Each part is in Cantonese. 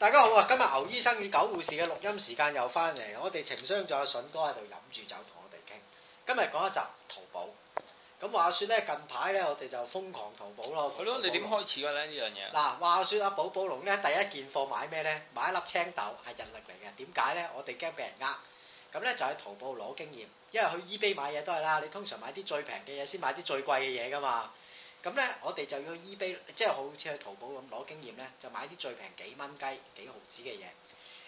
大家好啊！今日牛醫生與狗護士嘅錄音時間又翻嚟，我哋情商仲有筍哥喺度飲住酒同我哋傾。今日講一集淘寶。咁話説咧，近排咧我哋就瘋狂淘寶咯。係咯，你點開始㗎咧呢樣嘢？嗱，話説阿寶寶龍咧，第一件貨買咩咧？買一粒青豆，係日曆嚟嘅。點解咧？我哋驚俾人呃。咁咧就喺淘寶攞經驗，因為去 eBay 買嘢都係啦。你通常買啲最平嘅嘢，先買啲最貴嘅嘢㗎嘛。咁咧，我哋就要去 eBay 即係好似去淘寶咁攞經驗咧，就買啲最平幾蚊雞、幾毫紙嘅嘢。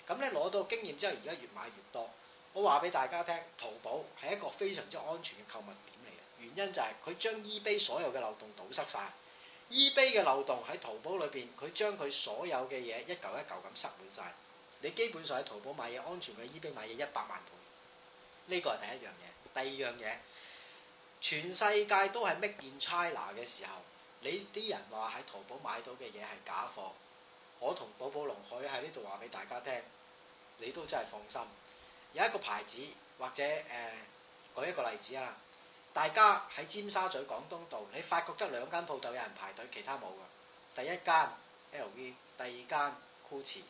咁咧攞到經驗之後，而家越買越多。我話俾大家聽，淘寶係一個非常之安全嘅購物點嚟嘅，原因就係佢將 eBay 所有嘅漏洞堵塞晒。eBay 嘅漏洞喺淘寶裏邊，佢將佢所有嘅嘢一嚿一嚿咁塞滿晒。你基本上喺淘寶買嘢，安全嘅 eBay 買嘢一百萬倍。呢個係第一樣嘢，第二樣嘢。全世界都係 make in China 嘅時候，你啲人話喺淘寶買到嘅嘢係假貨，我同寶寶龍可喺呢度話俾大家聽，你都真係放心。有一個牌子或者誒，舉、呃、一個例子啊，大家喺尖沙咀廣東道，你發覺得兩間鋪頭有人排隊，其他冇噶。第一間 LV，第二間 GUCCI，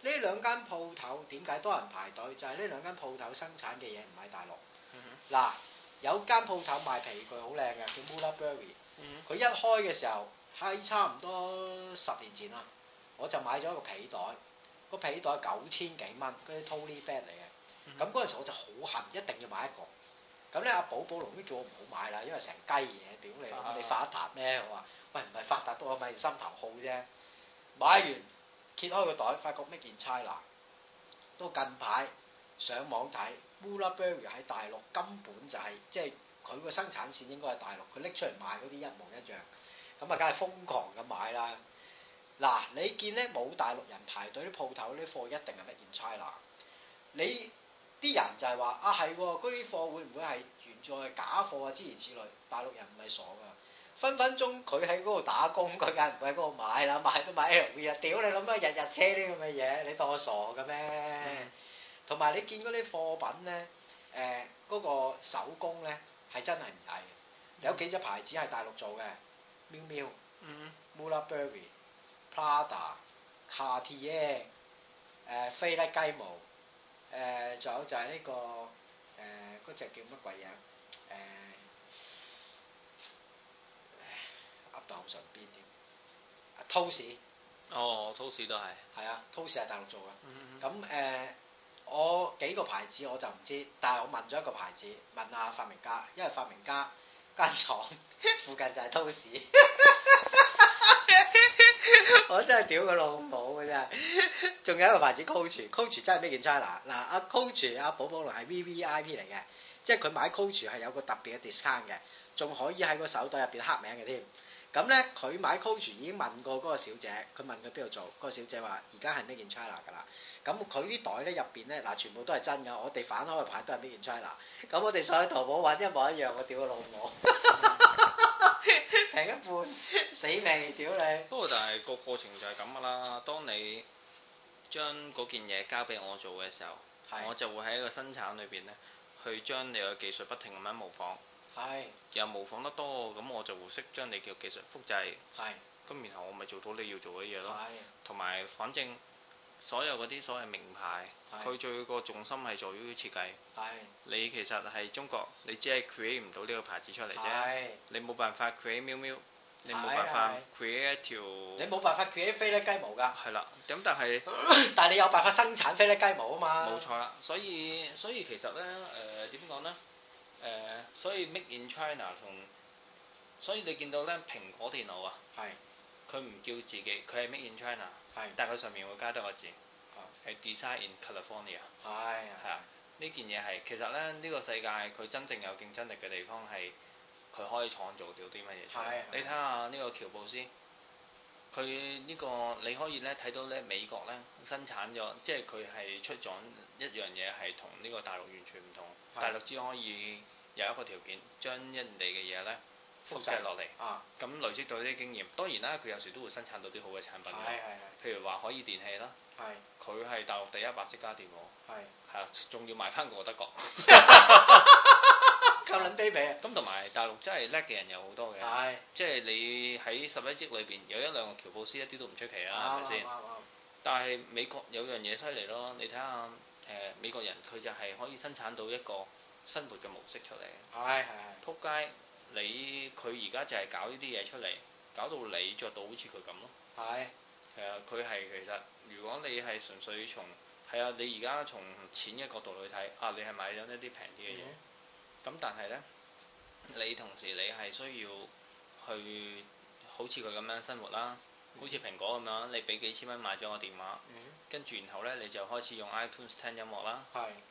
呢兩間鋪頭點解多人排隊？就係呢兩間鋪頭生產嘅嘢唔喺大陸，嗱、嗯哼。有間鋪頭賣皮具好靚嘅，叫 Mulberry 佢、嗯、哼一開嘅時候係差唔多十年前啦，我就買咗一個皮袋，個皮袋九千幾蚊，嗰啲 tote bag 嚟嘅。咁嗰陣時我就好恨，一定要買一個。咁咧阿寶寶龍呢，叫我唔好買啦，因為成雞嘢，屌你、啊啊，你發達咩？我話：喂，唔係發達到我咪心頭好啫。買完揭開個袋，發覺 Made in China？都近排。上網睇 Mulberry 喺大陸根本就係、是，即係佢個生產線應該係大陸，佢拎出嚟賣嗰啲一模一樣，咁啊梗係瘋狂咁買啦！嗱，你見咧冇大陸人排隊啲鋪頭啲貨，一定係 China，你啲人就係話啊係，嗰啲貨會唔會係原裝嘅假貨啊？諸如此類，大陸人唔係傻噶，分分鐘佢喺嗰度打工，佢梗係唔會喺嗰度買啦，買都買 LV 啊！屌你諗乜日日車啲咁嘅嘢？你當我傻嘅咩？同埋你見嗰啲貨品咧，誒、呃、嗰、那個手工咧係真係唔係有幾隻牌子係大陸做嘅，Miu Miu，嗯 Mulberry，Prada，Cartier 誒、呃、飛甩雞毛，誒、呃、仲有就係呢、這個誒嗰隻叫乜鬼嘢誒，噏到好順邊添，Tous 哦，Tous 都係係啊，Tous 係大陸做嘅，咁誒、嗯嗯。我幾個牌子我就唔知，但係我問咗一個牌子，問，問下發明家，因為發明家間廠附近就係 Tos，我真係屌佢老母嘅真係。仲有一個牌子 Coach Coach 真係咩嘢 China 嗱、啊，阿 Coach 阿、啊、寶寶龍係 VVIP 嚟嘅，即係佢買 Coach 係有個特別嘅 discount 嘅，仲可以喺個手袋入邊刻名嘅添。咁咧，佢買 Coach 已經問過嗰個小姐，佢問佢邊度做，嗰、嗰個小姐話：而家係 Made in China 㗎啦。咁佢啲袋咧入邊咧，嗱全部都係真㗎，我哋反開嘅牌都係 Made in China。咁我哋上去淘寶玩，一模一樣，我屌個老母， 平一半，死命屌你！不過的， 但係個過程就係咁㗎啦。當你將嗰件嘢交俾我做嘅時候，我就會喺個生產裏邊咧，去將你嘅技術不停咁樣模仿。係，又模仿得多，咁我就會識將你嘅技術複製。係是，咁然後我咪做到你要做嘅嘢咯。係是，同埋反正所有嗰啲所謂名牌，佢，是最個重，重心係在於設計。係是，你其實係中國，你只係 create 唔到呢個牌子出嚟啫。係是，你冇辦法 create 喵喵，你冇辦法 create 一條。你冇辦法 create 飛甩雞毛噶。係啦，咁但係，但係 你有辦法生產飛甩雞毛啊嘛？冇錯啦，所以所以，所以其實咧，誒點講咧？誒、呃，所以 Make in China 同，所以你見到咧蘋果電腦啊，係是，佢唔叫自己，佢係 Make in China，係是，但係佢上面會加多個字，係、哦、Design in California，係係啊，呢、啊、件嘢係，其實咧呢、這個世界佢真正有競爭力嘅地方係，佢可以創造到啲乜嘢出嚟？係、啊，你睇下呢個喬布斯。佢呢個你可以咧睇到咧美國咧生產咗，即係佢係出咗一樣嘢係同呢個大陸完全唔同，是的 大陸只可以有一個條件，將人哋嘅嘢咧複製落嚟，咁、啊、累積到呢啲經驗。當然啦，佢有時都會生產到啲好嘅產品嘅，譬如話可以電器啦，佢係的大陸第一白色家電喎，係啊的，仲要賣翻過德國。 咁同埋大陸真係叻嘅人有好多嘅，的即係你喺十一億裏邊有一兩個喬布斯一啲都唔出奇啊，係咪先？但係美國有樣嘢犀利咯，你睇下誒美國人佢就係可以生產到一個生活嘅模式出嚟。係係的。撲街你佢而家就係搞呢啲嘢出嚟，搞到你着到好似佢咁咯。係的。係啊的，佢係、呃、其實如果你係純粹從係啊，你而家從錢嘅角度去睇，啊你係買咗呢啲平啲嘅嘢。嗯。咁但係咧，你同時你係需要去好似佢咁樣生活啦，嗯、好似蘋果咁樣，你俾幾千蚊買咗個電話，跟住、嗯、然後咧你就開始用 iTunes 聽音樂啦，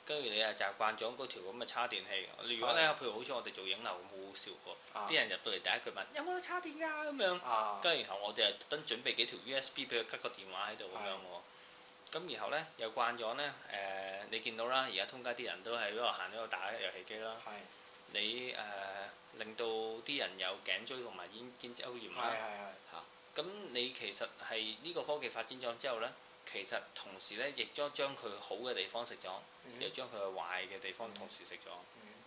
跟住是你又習慣咗嗰條咁嘅插電器。如果你是譬如好似我哋做影樓咁，好笑過，啲是人入到嚟第一句問有冇得插電㗎、啊、咁樣，跟住是然後我哋係特登準備幾條 USB 俾佢吉個電話喺度咁樣喎。咁然後呢，又慣咗呢。誒、呃，你見到啦，而家通街啲人都係喺度行，喺度打遊戲機啦。係的。你誒、呃、令到啲人有頸椎同埋肩肩周炎啦。咁的、啊、你其實係呢個科技發展咗之後呢，其實同時呢，亦將將佢好嘅地方食咗，亦將佢壞嘅地方同時食咗。嗯。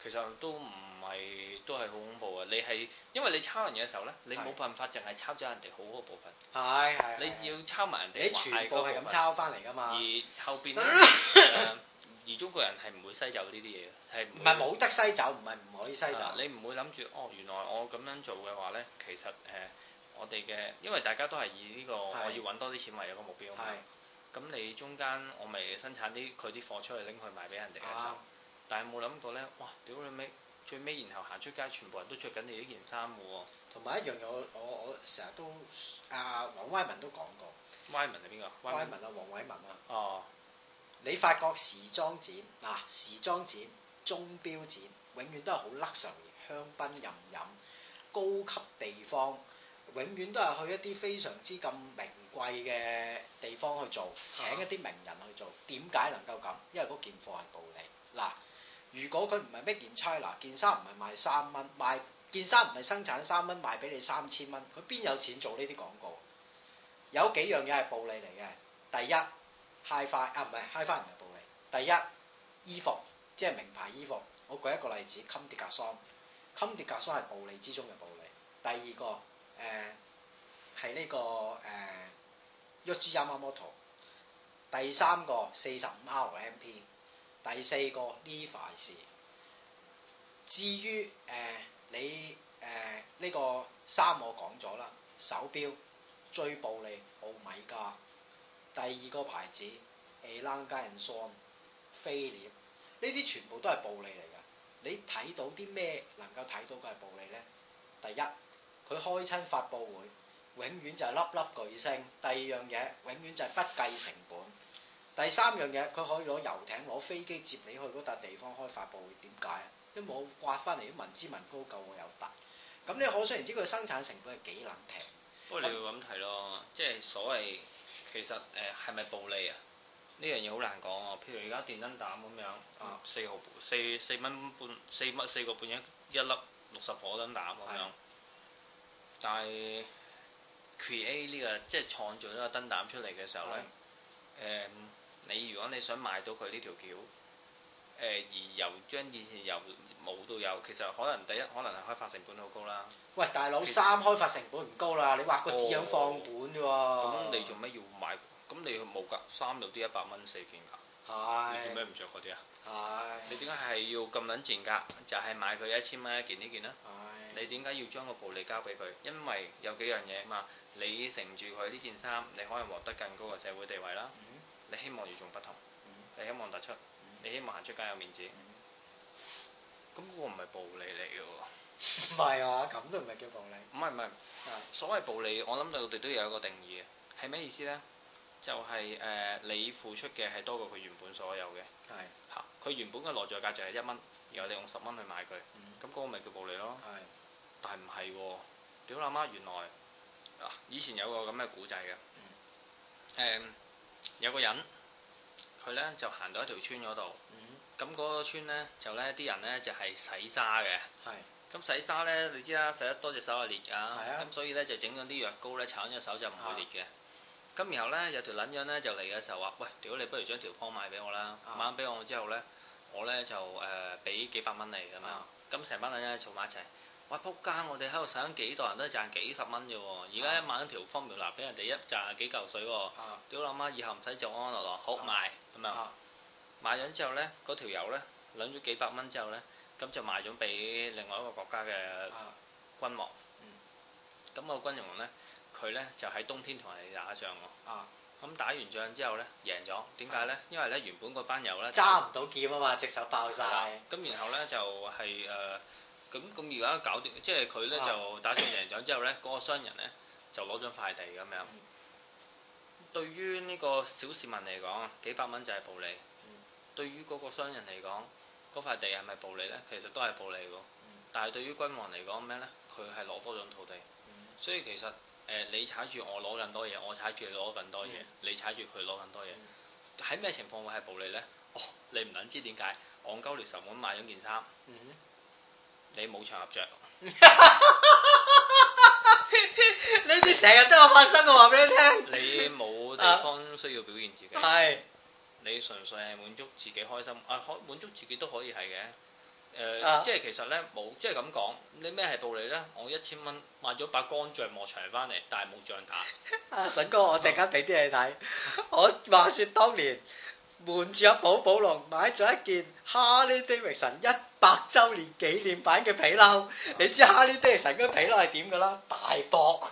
其實都唔係，都係好恐怖啊！你係，因為你抄人嘅時候呢，你冇辦法淨係抄走人哋好嗰部分。係係。你要抄埋人哋，全部係咁抄翻嚟噶嘛？而後邊呢，而中國人係唔會篩走呢啲嘢，係唔係冇得篩走，唔係唔可以篩走。你唔會諗住哦，原來我咁樣做嘅話呢。其實我哋嘅，因為大家都係以呢個我要搵多啲錢為一個目標。咁你中間我咪生產啲佢啲貨出去拎佢賣俾人哋嘅時候。但係冇諗到咧，哇！屌你尾，最尾然後行出街，全部人都着緊你呢件衫嘅喎。同埋一樣嘢，我我我成日都阿黃偉文都講過。偉文係邊個？偉文，文啊，黃偉文啊。哦。你發覺時裝展啊，時裝展、鐘錶展，永遠都係好 luxury，香檳任飲，高級地方，永遠都係去一啲非常之咁名貴嘅地方去做，請一啲名人去做。點解、哦、能夠咁？因為嗰件貨係暴利。嗱。如果佢唔係 made in China，件衫唔係賣三蚊，賣件衫唔係生產三蚊賣俾你三千蚊，佢邊有錢做呢啲廣告？有幾樣嘢係暴利嚟嘅，第一 Hi-Fi 啊，唔係 Hi-Fi，唔係暴利，第一衣服，即係名牌衣服，我舉一個例子，Comme des Garçons，Comme des Garçons 係暴利之中嘅暴利。第二個誒係呢個誒 Yohji Yamamoto，第三個四十五 rpm。第四個呢，凡事。至於誒、呃、你誒呢、呃這個三我講咗啦，手錶最暴利奧米加，第二個牌子 A Langen Son Philippe，呢啲全部都係暴利嚟㗎。你睇到啲咩能夠睇到嘅係暴利咧？第一，佢開親發布會，永遠就係粒粒巨星；第二樣嘢，永遠就係不計成本。第三樣嘢，佢可以攞遊艇、攞飛機接你去嗰笪地方開發佈會，點解？因為我刮翻嚟啲民脂民膏夠我有大。咁你可想而知佢生產成本係幾難平。不過你要咁睇咯，即係所謂其實誒係咪暴利啊？呢樣嘢好難講啊。譬如而家電燈膽咁樣，啊四毫四四蚊半四乜四個半一一粒六十火燈膽咁樣。是的 但係 create 呢個即係創造呢個燈膽出嚟嘅時候咧，誒是的、嗯。你如果你想買到佢呢條橋，誒而由將以前由冇到有，其實可能第一可能係開發成本好高啦。喂，大佬，實衫開發成本唔高啦，你畫個字樣放盤啫喎。咁你做咩要買？咁你冇價，衫有啲一百蚊四件㗎，是你做咩唔着嗰啲啊？係是。你點解係要咁撚賤格？就係買佢一千蚊一件呢件啦。係。你點解要將個暴利交俾佢？因為有幾樣嘢啊嘛，你乘住佢呢件衫，你可能獲得更高嘅社會地位啦。嗯你希望與眾不同，嗯、你希望突出，嗯、你希望行出街有面子，咁嗰、嗯、個唔係暴利嚟嘅喎。唔 係啊，咁都唔係叫暴利。唔係唔係，的所謂暴利，我諗我哋都要有一個定義嘅，係咩意思呢？就係、是、誒、呃，你付出嘅係多過佢原本所有嘅，係的，嚇、啊，佢原本嘅內在價值係一蚊，然後你用十蚊去買佢，咁嗰、嗯、個咪叫暴利咯。的但係唔係，屌你媽，媽，原來，啊、以前有個咁嘅古仔嘅，嗯嗯。有個人，佢咧就行到一條村嗰度，咁嗰、嗯、個村咧就咧啲人咧就係、是、洗沙嘅，咁是洗沙咧你知啦，洗得多隻手就裂啊，咁、啊、所以咧就整咗啲藥膏咧，擦咗隻手就唔會裂嘅。咁、啊、然後咧有條撚樣咧就嚟嘅時候話，喂，屌你不如將條方賣俾我啦，買俾、啊、我之後咧，我咧就誒俾、呃、幾百蚊你㗎嘛，咁成、啊、班撚嘢嘈埋一齊。喂，仆街！我哋喺度想幾代人都賺幾十蚊啫，而家一買咗條 formula 俾人哋一賺幾嚿水，屌你媽！以後唔使做，安安樂樂，好賣咁樣！買咗之後咧，嗰條友咧，領咗幾百蚊之後咧，咁就賣咗俾另外一個國家嘅君王。咁個君王咧，佢咧就喺冬天同人哋打仗喎。咁打完仗之後咧，贏咗。點解咧？因為咧原本嗰班友咧揸唔到劍啊嘛，隻手爆曬。咁然後咧就係誒。咁咁而家搞掂，即係佢咧就打算贏仗之後咧，嗰、嗰個商人咧就攞咗塊地咁樣。嗯、對於呢個小市民嚟講啊，幾百蚊就係暴利。嗯、對於嗰個商人嚟講，嗰塊地係咪暴利咧？其實都係暴利喎。嗯、但係對於君王嚟講咩咧？佢係攞多種土地。嗯、所以其實誒、呃，你踩住我攞咁多嘢，我踩住你攞咁多嘢，嗯、你踩住佢攞咁多嘢。喺咩、嗯嗯、情況會係暴利咧？哦，你唔撚知點解，戇鳩獵十咁買咗件衫。嗯嗯你冇場合着， 你哋成日都有發生，我話俾你聽。你冇地方需要表現自己，係、啊，你純粹係滿足自己開心，啊可滿足自己都可以係嘅，誒、呃啊、即係其實咧冇即係咁講，你咩係暴利咧？我一千蚊買咗把鋼鋸磨長翻嚟，但係冇鋸架。阿筍、啊、哥，我突然間俾啲嘢你睇， 我話說當年。瞞住阿寶寶龍買咗一件哈利·戴維森一百周年紀念版嘅皮褸， 你知哈利·戴維森嗰皮褸係點噶啦？大薄，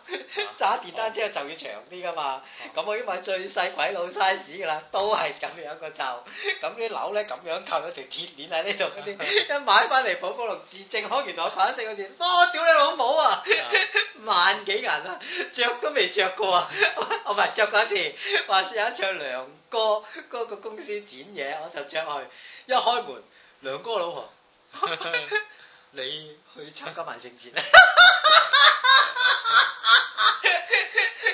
揸電單車就要長啲噶嘛。咁我已經買最細鬼佬 size 噶啦，都係咁樣一個罩。咁啲鈕咧咁樣扣咗條鐵鏈喺呢度啲。 一買翻嚟，寶寶龍自證，開完台跑咗四個月，哇、哦！屌你老母啊，萬 幾銀啊，着都未着過啊！我唔係着過一次，話說算一着兩。個個公司剪嘢，我就着去。一開門，梁哥老婆， 你去參加萬聖節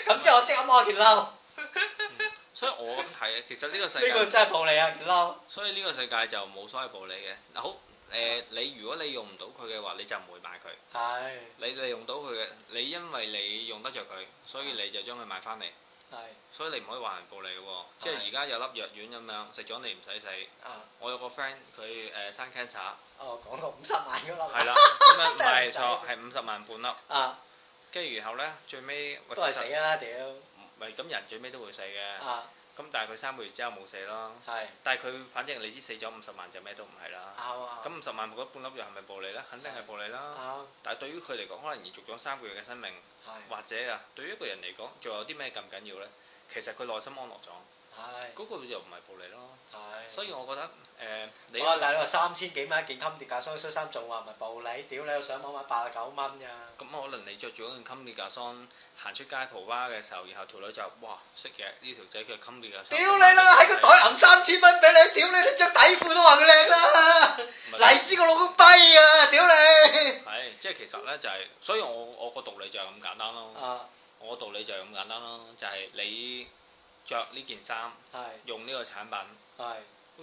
咁？即係我即刻摸件褸、 嗯。所以我咁睇其實呢個世界，呢 個真係暴利啊！件褸。所以呢個世界就冇所謂暴利嘅。好誒，呃哎、你如果你用唔到佢嘅話，你就唔會買佢。係、哎。你利用到佢嘅，你因為你用得着佢，所以你就將佢買翻嚟。係，是所以你唔可以話人暴利嘅喎、哦，是即係而家有粒藥丸咁樣食咗你唔使死。啊！我有個 friend 佢誒生 cancer。哦，講到五十萬咁多粒。係啦， 咁啊唔係錯，係五十萬半粒。啊！跟住然後咧，最尾都係死，死啊屌！咪咁人最尾都會死嘅。啊！咁但係佢三個月之後冇死咯，是但係佢反正你知死咗五十萬就咩都唔係啦，咁五十萬冇咗半粒藥係咪暴利呢？肯定係暴利啦，啊啊、但係對於佢嚟講，可能延續咗三個月嘅生命，啊、或者啊，對於一個人嚟講，仲有啲咩咁緊要呢？其實佢內心安樂咗。係，嗰個又唔係暴利咯，係，所以我覺得，誒，你話大佬三千幾蚊一件襟跌價衫，恤衫仲話唔係暴利，屌你，想買八十九蚊啫。咁可能你着住嗰件襟跌價衫行出街蒲巴嘅時候，然後條女就，哇，識嘅呢條仔著襟跌價，屌你啦，喺個袋揞三千蚊俾你，屌你，你着底褲都話佢靚啦，黎姿個老公跛啊，屌你！係，即係其實咧就係，所以我我個道理就係咁簡單咯，我個道理就係咁簡單咯，就係你。着呢件衫，用呢個產品，好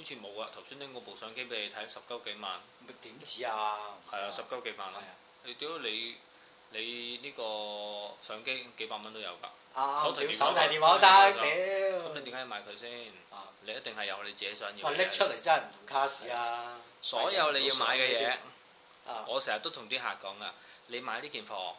似冇啊！頭先拎個部相機俾你睇，十鳩幾萬，點止啊？係啊，十鳩幾萬啦！你屌你，你呢個相機幾百蚊都有噶，手提手提電話得屌？咁你點解要買佢先？你一定係有你自己想要。我拎出嚟真係唔同卡士啊！所有你要買嘅嘢，我成日都同啲客講噶，你買呢件貨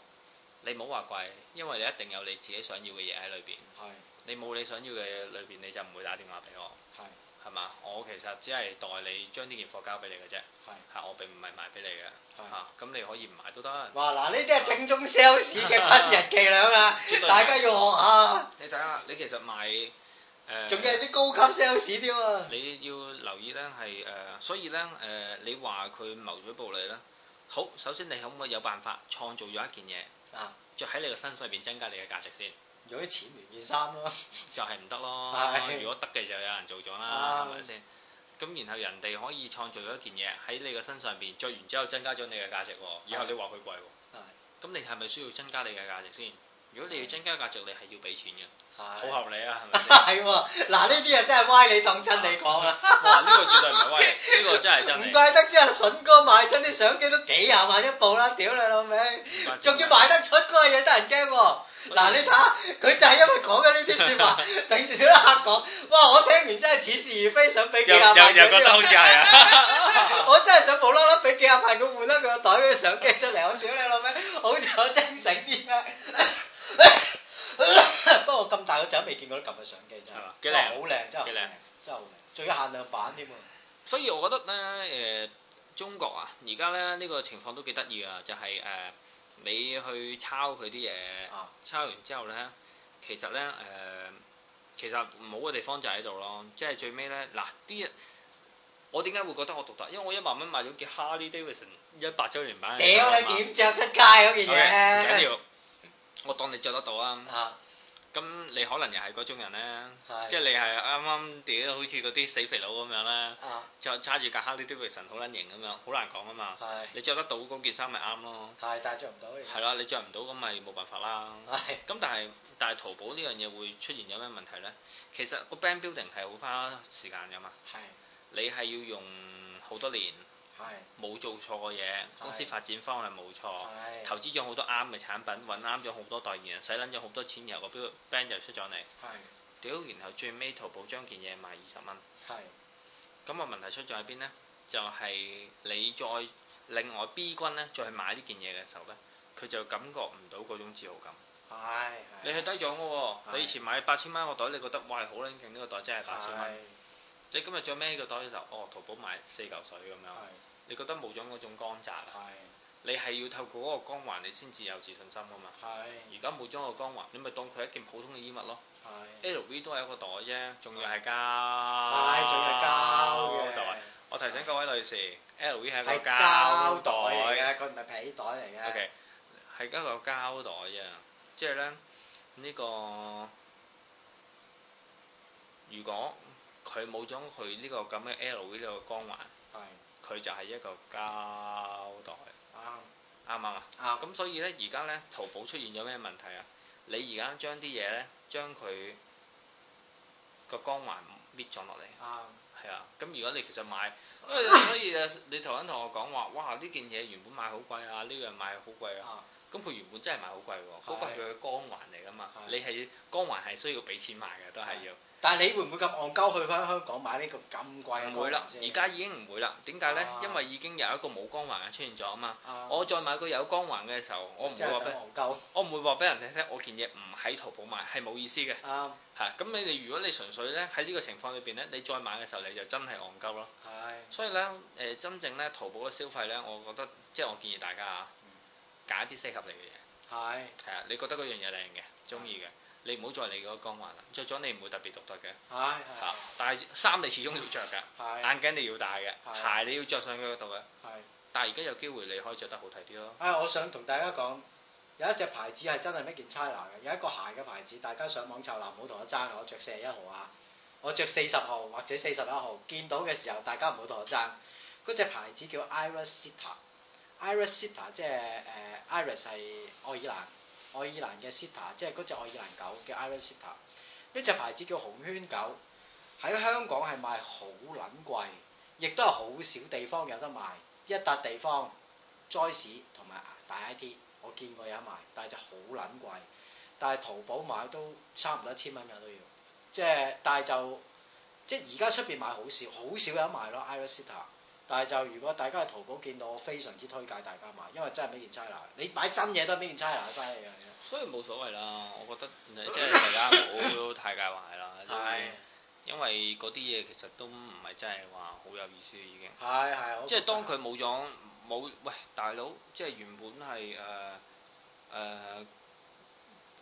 你唔好話貴，因為你一定有你自己想要嘅嘢喺裏邊。係是，你冇你想要嘅嘢裏邊，你就唔會打電話俾我。係是，係嘛？我其實只係代理你將呢件貨交俾你嘅啫。係是，吓、啊，我並唔係賣俾你嘅。吓是，咁、啊、你可以唔買都得。哇！嗱，呢啲係正宗 sales 嘅 p 日 n 伎倆，大家要學啊。 你睇下，你其實賣誒，仲要係啲高級 sales 添啊！你要留意咧，係誒、呃，所以咧誒、呃呃呃，你話佢謀取暴利啦。好，首先你可唔可以有辦法創造咗一件嘢？啊！著喺你個身上邊增加你嘅價值先，用啲錢換件衫咯，就係唔得咯。如果得嘅時候有人做咗啦，係咪先？咁吧然後人哋可以創造咗一件嘢喺你個身上邊，着完之後增加咗你嘅價值，以後你話佢貴，咁是你係咪需要增加你嘅價值先？如果你要增加價值，你係要俾錢嘅，好是合理啊，係咪？係喎， 嗱呢啲啊真係歪理當真理講啊，嗱， 呢、呢個絕對唔係歪、呢個、歪，呢個真係真。唔怪得之阿筍哥賣親啲相機都幾廿萬一部啦，屌你老味，仲要賣得出嗰個嘢得人驚喎、啊。嗱你睇下，佢就係因為講緊呢啲説話，頂住啲客講，哇！我聽完真係似是而非，想俾幾廿萬佢。又又又覺得好似係啊！ 我真係想無啦啦俾幾廿萬佢換粒佢個袋嗰啲相機出嚟，我屌你老味，好在精清醒啲啦。 不過咁大個仔未見過啲咁嘅相機真係，幾靚，好靚真係，幾靚、嗯，真係好靚，仲要久限量版添。所以我覺得咧，誒、呃，中國啊，而家咧呢、這個情況都幾得意啊，就係、是、誒。呃你去抄佢啲嘢，啊、抄完之後咧，其實咧，誒、呃，其實唔好嘅地方就喺度咯，即係最尾咧，嗱，啲，我點解會覺得我獨特？因為我一萬蚊買咗件 Harley Davidson 一百周年版。屌看，你點著吧出街嗰件嘢？我當你着得到、嗯、啊！咁你可能又係嗰種人咧，是的 即係你係啱啱屌，好似嗰啲死肥佬咁樣啦，就揸住架黑啲啲力神好撚型咁樣，好難講啊嘛。係。你着得到嗰件衫咪啱咯。係是的，但係著唔到。係啦，你着唔到咁咪冇辦法啦。係。咁但係但係淘寶呢樣嘢會出現有咩問題咧？其實個 band building 係好花時間㗎嘛。係。是的 你係要用好多年。冇做錯嘅嘢，是公司發展方向冇錯，是投資咗好多啱嘅產品，揾啱咗好多代言人，使撚咗好多錢，然後個 brand 就出咗嚟。屌是！然後最尾淘寶將件嘢賣二十蚊。係是。咁個問題出喺邊呢？就係、是、你再另外 B 君咧，再去買呢件嘢嘅時候呢，佢就感覺唔到嗰種自豪感。係。你係低咗喎，是你以前買八千蚊個袋，你覺得哇好撚勁，呢、這個袋真係八千蚊。你今日著咩個袋嘅時候，哦，淘寶買四嚿水咁樣，你覺得冇咗嗰種光澤啊？你係要透過嗰個光環，你先至有自信心噶嘛？而家冇咗個光環，你咪當佢一件普通嘅衣物咯。L V 都係一個袋啫，仲要係膠，仲要係膠袋。我提醒各位女士，L V 係一個膠袋啊，佢唔係皮袋嚟嘅。OK，係一個膠袋啫，即係咧呢個如果。佢冇咗佢呢個咁嘅 LV 呢個光環，佢是就係一個膠袋。啱啱啊，咁吧、啊、所以呢，而家呢，淘寶出現咗咩問題啊？你而家將啲嘢呢，將佢個光環搣咗落嚟，係啊，咁、啊、如果你其實買，啊、所以你頭先同我講話，哇！呢件嘢原本買好貴啊，呢樣買好貴啊。啊咁佢原本真係買好貴喎，嗰個係佢嘅光環嚟噶嘛，你係光環係需要俾錢買嘅都係要。但係你會唔會咁戇鳩去翻香港買呢個咁貴嘅光環先？唔會啦，而家已經唔會啦，點解呢？因為已經有一個冇光環嘅出現咗啊嘛。我再買個有光環嘅時候，我唔會話俾我唔會話俾人哋聽，我件嘢唔喺淘寶買係冇意思嘅。嚇咁你哋，如果你純粹呢喺呢個情況裏邊呢，你再買嘅時候你就真係戇鳩咯。所以呢，誒真正呢淘寶嘅消費呢，我覺得即係我建議大家啊。揀一啲適合你嘅嘢，係係啊，你覺得嗰樣嘢靚嘅，中意嘅，你唔好再嚟嗰個光環啦。着咗你唔會特別獨特嘅，係係。但係衫你始終要著㗎，眼鏡你要戴嘅，鞋你要着上腳度嘅。係，但係而家有機會你可以著得好睇啲咯。啊，我想同大家講，有一隻牌子係真係 Made in China 嘅，有一個鞋嘅牌子，大家上網查啦，唔好同我爭。我着四十一號啊，我着四十號或者四十一號，見到嘅時候大家唔好同我爭。嗰隻牌子叫 Irisita。Irish Setter 即係誒、呃、，Irish 係愛爾蘭，愛爾蘭嘅 Setter，即係嗰隻愛爾蘭狗叫 Irish Setter，呢隻牌子叫紅圈狗，喺香港係賣好撚貴，亦都係好少地方有得賣，一笪地方，Joyce 同埋大 I T，我見過有得賣，但係就好撚貴，但係淘寶買都差唔多一千蚊噶都要，即係但係就即係而家出邊買好少，好少有得賣咯，Irish Setter。但係就如果大家喺淘寶見到，我非常之推介大家買，因為真係畀件差拿，你買真嘢都係畀件差拿嘥嘅。所以冇所謂啦，我覺得 即係大家唔好太介懷啦。係， 因為嗰啲嘢其實都唔係真係話好有意思已經。係係 即係當佢冇咗冇，喂大佬，即係原本係誒誒，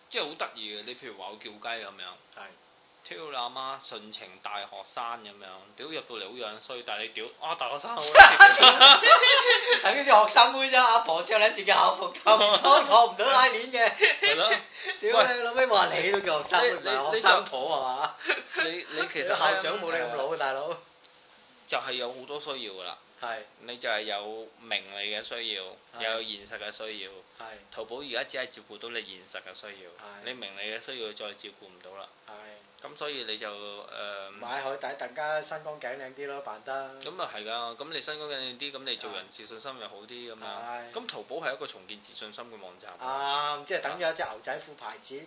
即係好得意嘅。你譬如話我叫雞咁樣，係。 超你阿媽純情大學生咁樣，屌入到嚟好樣衰，但係你屌啊大學生，好 等於啲學生妹啫，阿婆將攬住嘅校服咁唔到，唔到拉鏈嘅，係咯 了，屌你喂老尾話你都叫學生妹，唔係學生婆係嘛？你你其實你校長冇你咁老啊， 大佬，就係、是、有好多需要㗎啦。係，是你就係有名利嘅需要，是有現實嘅需要。係是，淘寶而家只係照顧到你現實嘅需要，是你名利嘅需要再照顧唔到啦。係是，咁所以你就誒，呃、買海底更加新光頸靚啲咯，扮得。咁啊係㗎，咁你身光頸靚啲，咁你做人自信心又好啲咁樣。係是，咁是淘寶係一個重建自信心嘅網站。啊，即係、啊就是、等咗一隻牛仔褲牌子，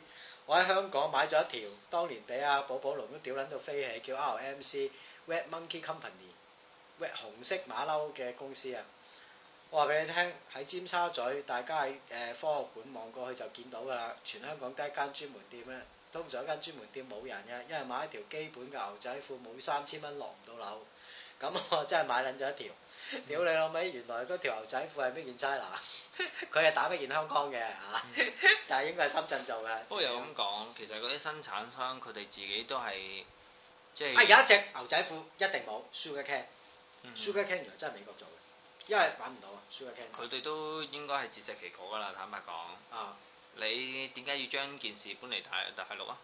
我喺香港買咗一條，當年俾阿、啊、寶寶龍都屌撚到飛起，叫 R M C Red Monkey Company。紅色馬騮嘅公司啊！我話俾你聽，喺尖沙咀，大家喺誒、呃、科學館望過去就見到㗎啦。全香港第一間專門店咧，通常間專門店冇人嘅，因為買一條基本嘅牛仔褲冇三千蚊落唔到樓。咁我真係買撚咗一條，屌你老味！嗯、 原來嗰條牛仔褲係乜嘢差嗱？佢 係打乜嘢香港嘅嚇？ 但係應該係深圳做嘅。不過又咁講，其實嗰啲生產商佢哋自己都係即係。即係、啊！有一隻牛仔褲一定冇 s u Sugar cane 原來真係美國做嘅，因為揾唔到啊！Sugar cane 佢哋都應該係自食其果㗎啦，坦白講。啊！你點解要將件事搬嚟大大陸啊？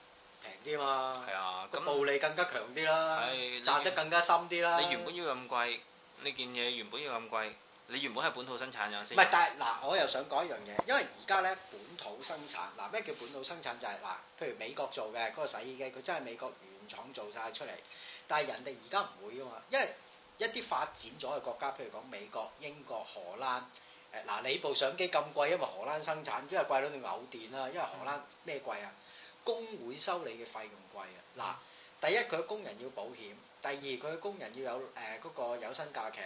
平啲嘛？係啊，咁暴利更加強啲啦、啊，賺得更加深啲啦、啊。你原本要咁貴，呢件嘢原本要咁貴，你原本係本土生產咗先。唔係，但係嗱，我又想講一樣嘢，因為而家咧本土生產嗱咩叫本土生產就係、是、嗱，譬如美國做嘅嗰、那個洗衣機，佢真係美國原廠做晒出嚟，但係人哋而家唔會㗎嘛，因為。因為一啲發展咗嘅國家，譬如講美國、英國、荷蘭，誒、呃、嗱，你部相機咁貴，因為荷蘭生產，因為貴到你嘔電啦，因為荷蘭咩貴啊？工會收你嘅費用貴啊！嗱，第一佢嘅工人要保險，第二佢嘅工人要有誒嗰、呃嗰個有薪假期，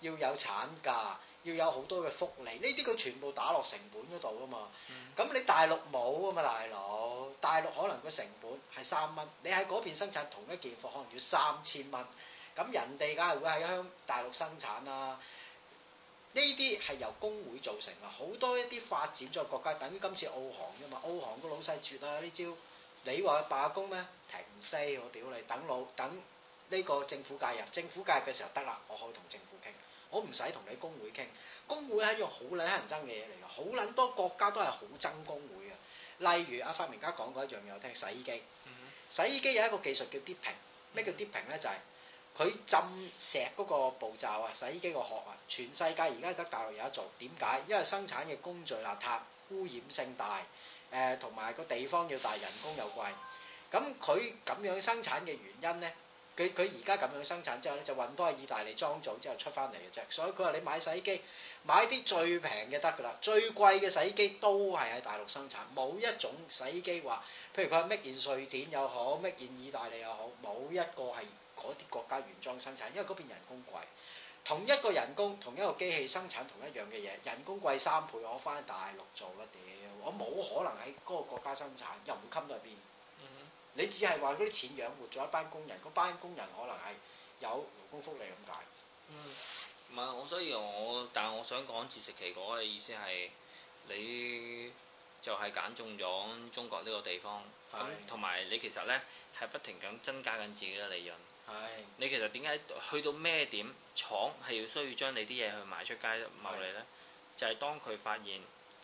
要有產假，要有好多嘅福利，呢啲佢全部打落成本嗰度噶嘛。咁、嗯、你大陸冇啊嘛，大佬，大陸可能個成本係三蚊，你喺嗰邊生產同一件貨，可能要三千蚊。咁人哋梗係會喺香大陸生產啦、啊，呢啲係由工會造成啊！好多一啲發展咗中國家，等於今次澳航㗎嘛，澳航個老細絕啊！呢招你話佢罷工咩？停飛，我屌你等老等呢個政府介入，政府介入嘅時候得啦，我可以同政府傾，我唔使同你工會傾。工會係一樣好撚乞人憎嘅嘢嚟㗎，好撚多國家都係好憎工會嘅。例如阿發、啊、明家講過一樣嘢，我聽洗衣機，洗衣機有一個技術叫 dipping，咩叫 dipping 咧？就係、是、～佢浸石嗰個步驟啊，洗衣機個殼啊，全世界而家得大陸有得做。點解？因為生產嘅工序邋遢啊，污染性大，誒同埋個地方要大，人工又貴。咁佢咁樣生產嘅原因咧，佢佢而家咁樣生產之後咧，就運翻去意大利裝造之後出翻嚟嘅啫。所以佢話你買洗衣機，買啲最平嘅得㗎啦，最貴嘅洗衣機都係喺大陸生產，冇一種洗衣機話，譬如佢話 make in 瑞典又好，make in 意大利又好，冇一個係。嗰啲國家原裝生產，因為嗰邊人工貴，同一個人工，同一個機器生產同一樣嘅嘢，人工貴三倍，我翻大陸做一啲，我冇可能喺嗰個國家生產，又唔襟嗰邊。嗯哼，你只係話嗰啲錢養活咗一班工人，嗰班工人可能係有勞工福利咁解。嗯，唔係我，所以我，我但係我想講自食其果嘅意思係你。就係揀中咗中國呢個地方，咁同埋你其實呢係不停咁增加緊自己嘅利潤，是的 你其實點解去到咩點廠係要需要將你啲嘢去賣出街牟利呢？是的 就係當佢發現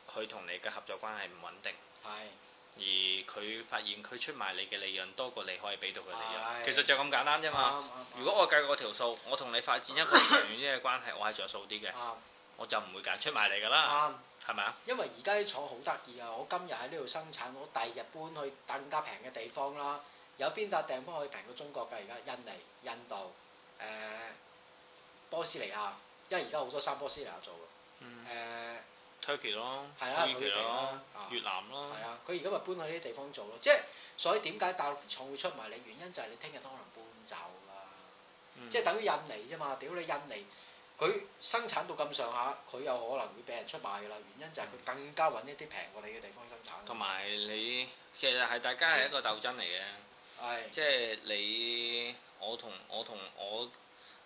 佢同你嘅合作關係唔穩定，是的 而佢發現佢出賣你嘅利潤多過你可以俾到佢利潤，是的 其實就咁簡單啫嘛。如果我計過條數，我同你發展一個長遠啲嘅關係，我係着數啲嘅。的我就唔會揀出賣嚟噶啦，係咪啊？因為而家啲廠好得意啊！我今日喺呢度生產，我第二日搬去更加平嘅地方啦。有邊笪地方可以平過中國㗎？而家印尼、印度、誒波斯尼亞，因為而家好多衫波斯尼亞做嘅。誒。土耳其咯。係啊，越南咯。係啊，佢而家咪搬去呢啲地方做咯，即係所以點解大陸廠會出賣你？原因就係你聽日都可能搬走啦。即係等於印尼啫嘛，屌你印尼。佢生產到咁上下，佢有可能會俾人出賣㗎啦。原因就係佢更加揾一啲平過你嘅地方生產。同埋你其實係大家係一個鬥爭嚟嘅，即係、嗯、你我同我同我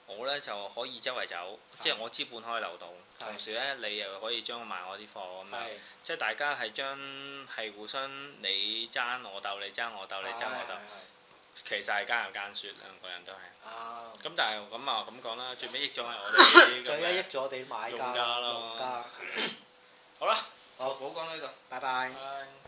我呢就可以周圍走，的即係我資本可以流動，的同時呢，你又可以將賣我啲貨咁的樣，的即係大家係將係互相你爭我鬥，你爭我鬥，你爭我鬥。的其實係奸人奸算，兩個人都係啊！咁但係咁啊咁講啦，最尾益咗係我哋啲咁樣，最一益咗我哋買家咯。好啦吧，好，唔好講呢度，拜拜。拜拜。